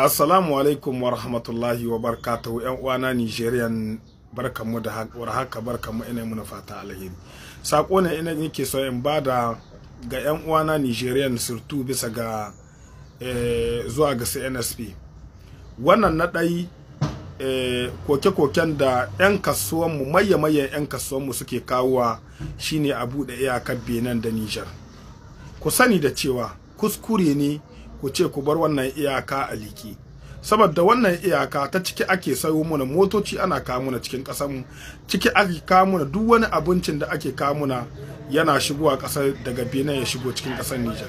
Assalamu alaikum wa rahmatullahi wa barakatuhu ‘yan uwana Nigerian barkanmu da warhaka barkanmu ina muna fata alheri. Sako ne ina yake so in bada ga ‘yan uwana Nigerian surtu bisa ga eh, zuwa ga CNSP. Wannan na dai eh, koke-koken da ‘yan mu maye-maye ‘yan kasuwanmu suke kawowa shine a buɗe iyakar Benin da Nijar. Ku sani da cewa kuskure ne ku ce ku bar wannan iyaka a liki saboda wannan iyaka ta ciki ake sayo mana motoci ana kawo muna cikin kasanmu ciki ake kawo muna duk wani abincin da ake kawo muna yana shigowa ƙasar daga benin ya shigo cikin ƙasar Niger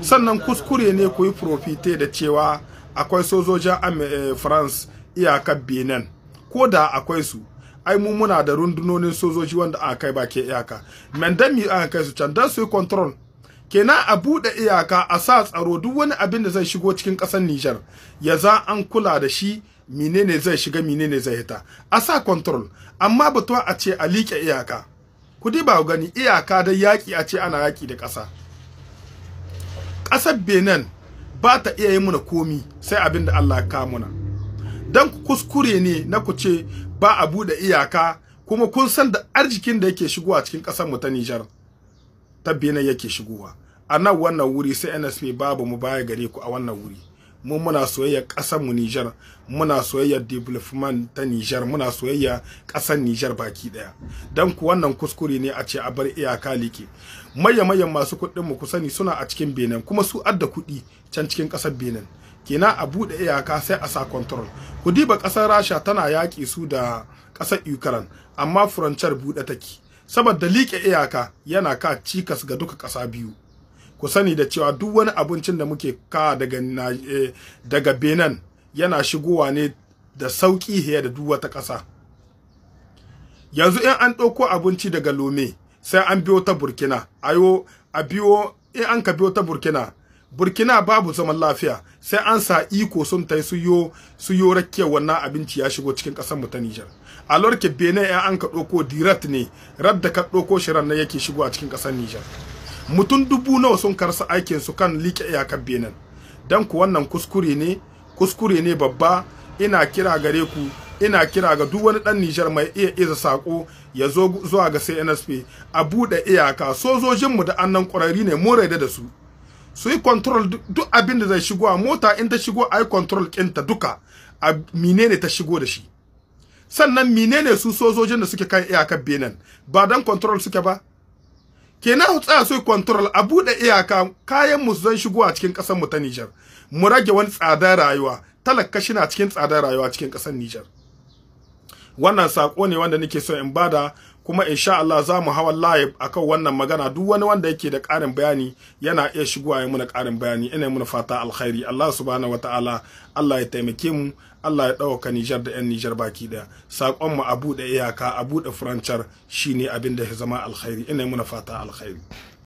sannan kuskure ne ku yi profite da cewa akwai sojojin eh, france iyakar benin ko da akwai su ai mu muna da rundunonin sojoji wanda aka kai ba ke iyaka mendami aka kai su can dan su yi control kenan a buɗe iyaka a sa tsaro duk wani abin da zai shigo cikin ƙasar Nijar ya za an kula da shi menene zai shiga menene zai hita a sa control amma batuwa a ce a liƙe iyaka ku ba gani iyaka da yaƙi a ce ana yaƙi da ƙasa ƙasar Benin ba ta iya yi muna komi sai abin da Allah ya kawo muna dan kuskure ne na ku ce ba a buɗe iyaka kuma kun san da arzikin da yake shigowa cikin ƙasar mu ta Nijar ta bene yake shigowa a nan wannan wuri sai nsp babu mu baya gare ku a wannan wuri mu muna soyayya ƙasar mu Niger muna soyayya development ta Niger muna soyayya ƙasar Niger baki daya dan ku wannan kuskure ne a ce a bar iyaka like maye mayan masu kuɗin mu ku sani suna a cikin Benin kuma su adda kuɗi can cikin ƙasar Benin kenan a bude iyaka sai a sa control ku diba ƙasar Rasha tana yaki su da ƙasar Ukraine amma frontier buɗe take saboda liƙe iyaka yana ka cikas ga duka ƙasa biyu ku sani da cewa duk wani abincin da muke ka daga eh, daga Benin yana shigowa ne da sauƙi hiya da duk wata ƙasa yanzu in an ɗauko abinci daga Lome sai an biyo ta Burkina ayo a biyo in an ka biyo ta Burkina burkina babu zaman lafiya sai an sa iko sun ta su yo su yo rakke wannan abinci ya shigo cikin kasar mu ta Niger a lorke bene ya an ka doko direct ne radda ka doko shiran nan yake shigo a cikin kasar Niger mutum dubu nawa sun karsa aikin su kan like iyakar Benin dan ku wannan kuskure ne kuskure ne babba ina kira gare ku ina kira ga duk wani dan Nijar mai iya iza sako ya zo zuwa ga CNSP a bude iyaka sojojin mu da annan ƙwararri ne mu raida da su su yi control duk abin da zai shigo a mota in ta shigo a yi control ɗinta duka a menene ta shigo da shi sannan menene su sojojin da suke kan iyakar benin ba don control suke ba kenan tsaya su yi control a buɗe iyaka kayan musu zan shigo a cikin ƙasar mu ta nijar mu rage wani tsadar rayuwa talaka shi na cikin tsadar rayuwa cikin ƙasar nijar wannan sako ne wanda nake so in bada kuma insha Allah za mu hawa live akan wannan magana duk wani wanda yake da ƙarin bayani yana iya shigowa ya muna ƙarin bayani ina muna fata alkhairi Allah subhanahu wataala Allah ya taimake mu Allah ya ɗauka Nijar da 'yan Nijar baki ɗaya saƙon mu a buɗe iyaka a buɗe furancar shine abin da ya zama alkhairi ina muna fata alkhairi